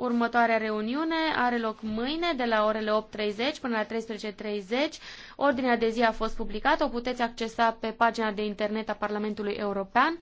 Următoarea reuniune are loc mâine de la orele 8.30 până la 13.30. Ordinea de zi a fost publicată, o puteți accesa pe pagina de internet a Parlamentului European.